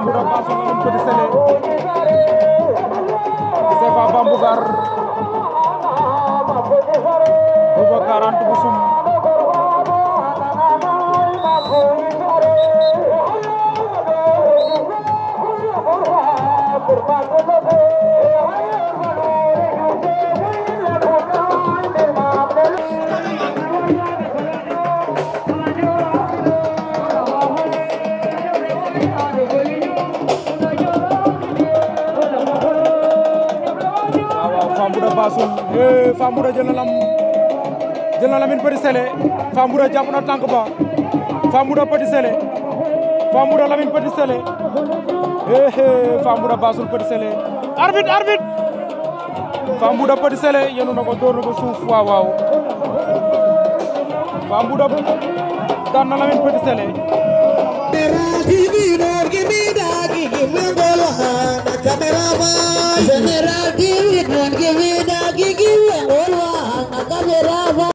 Bambougar Pape Alioune Petit Sélé Sefa Bambougar Boubacar Anta Bousoum Thank you. Fambouda Bassoul eh Fambouda jël na lam jël na Lamine jàpp na tànk ba Fambouda Petit Sélé Fambouda Lamine Petit Sélé eh, eh Fambouda Bassoul Petit Sélé arbitre arbitre Fambouda na ko dóor na ko suuf waaw waaw Fambouda daan na give me